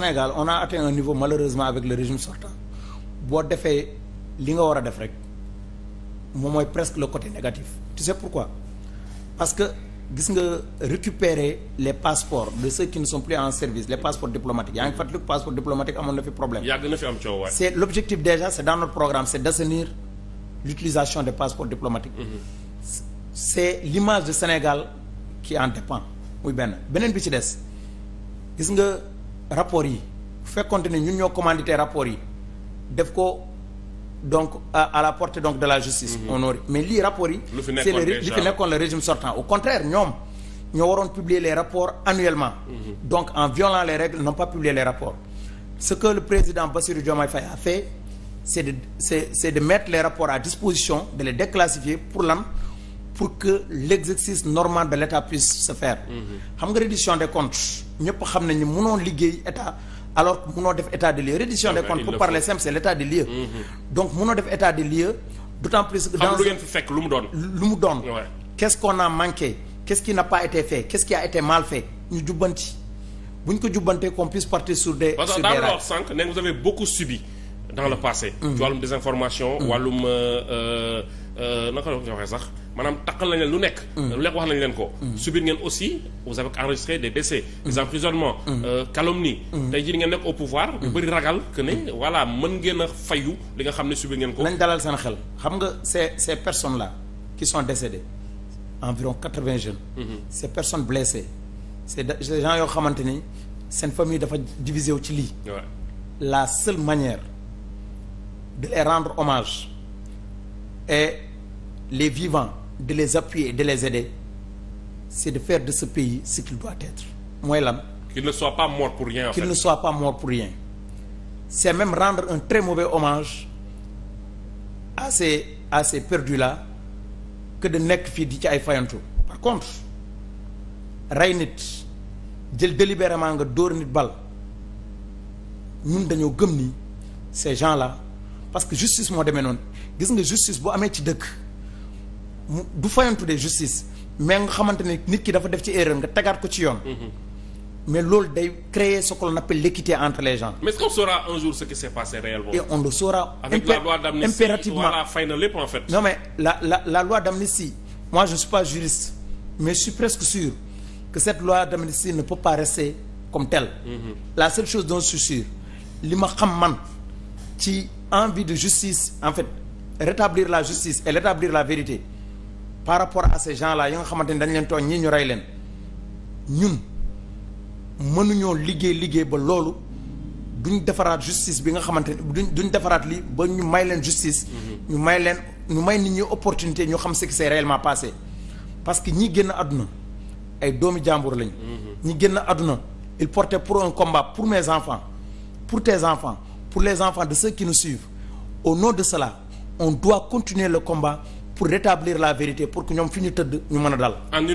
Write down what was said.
Sénégal on a atteint un niveau malheureusement avec le régime sortant boo defee li nga war a def rek moom mooy presque le côté négatif tu sais pourquoi parce que gis nga récupérer les passeports de ceux qui ne sont plus en service les passeports diplomatiques yaa ngi fàttaliku passeport diplomatique amoon na fi problème. yàgg na fi am coow c'est l'objectif déjà c'est dans notre programme c'est d'assainir l'utilisation des passeports diplomatiques. Mm-hmm. c'est l'image Sénégal qui en dépend muy benn beneen bi ci des rapport yi bu fekkonte ne ñun ñoo commandité rapport yi def ko donc à, à la portée donc de la justice mm -hmm. on mais lii rapport yi li fi nekkoon le régime sortant au contraire ñoom ñoo waroon publier les rapports annuellement mm -hmm. donc en violant les règles n'ont pas publié les rapports ce que le président Bassirou Diomaye Faye a fait c'est de c'est c'est de mettre les rapport à disposition de les déclassifier pour l'an pour que l'exercice normal de l'État puisse se faire mhm. xam nga -hmm. des comptes ñëpp xam nañ ni mënoo liggéey état alors que def état des lieux reddition des ah comptes pour parler simple c'est l'état des lieux mhm. donc mënoo def état des lieux d'autant plus que dans lu fekk lu mu doon lu mu doon qu'est-ce qu'on a manqué qu'est-ce qui été fait qu'est-ce a été mal fait ñu jubbanti bu ñu ko jubbantee qu'on puisse partir sur des sur des rails parce que sànq ne vous avez beaucoup subi dans le mm. passé mm. ci wàllum désinformation mm. wàllum euh, euh, Euh, naka la ko waxee sax maanaam taqal nañ leen lu nekk. Mm. lu nekk wax nañ leen ko. Mm. subir ngeen aussi vous avez enregistré des décès. Mm. des emprisonnements. Euh, calomnie. tey jii ngeen nekk au pouvoir. ñu bëri ragal que ne voilà mën ngeen a fayu li nga xam ne subir ngeen ko. nañ dalal seen xel xam nga ces ces personnes là qui sont décédées environ quatre vingt jeunes. Mm-hmm. ces personne blessées ces ces gens yoo xamante ni seen famille dafa divisé wu ci lii. la seule manière de les rendre et les vivants de les appuyer de les aider c'est de faire de ce pays ce qu'il doit être mooy lan. qu'il ne soit pas mort pour rien en fait. qu'il ne soit pas mort pour rien c'est même rendre un très mauvais hommage à ces à ces perdus là que de nekk fii di ci ay fayantu par contre rey nit jël délibérément nga dóor nit bal ñun dañoo gëm ni ces gens là parce que justice moo deme noonu gis nga justice boo amee ci dëkk du fayantu de justice mais nga xamante ne nit ki dafa def ci erreur nga tegaat ko ci yoon. Mm-hmm. mais loolu day créer ce que l'on appelle l'équité entre les gens. mais est-ce qu'on impérativement voilà fay na lépp en fait. non mais la la la loi d'amnistie moi je ne suis pas juriste mais je suis presque sûr que cette loi d'amnistie ne peut pas rester comme telle. Mm-hmm. la seule chose dont je suis li ma xam man ci envie de justice en fait. rétablir la justice et rétablir la vérité par rapport à ces gens là yi nga xamante ni dañ leen tooñ ñii ñu rey leen ñun mënuñoo liggéey liggéey ba loolu duñ defaraat justice bi nga xamante ni duñ duñ defaraat li ba ñu may leen justice. Mhm. ñu may leen ñu may nit ñi opportunité ñu xam ce qui s'est réellement parce que ñi génn adduna ay doomi jàmbur lañ. Mhm. ñi génn àdduna il portait pour un combat pour mes enfants pour tes enfants pour les enfants de ceux qui au nom de cela. on doit continuer le combat pour rétablir la vérité pour que ñoom fi ñu tëdd ñu mën a dal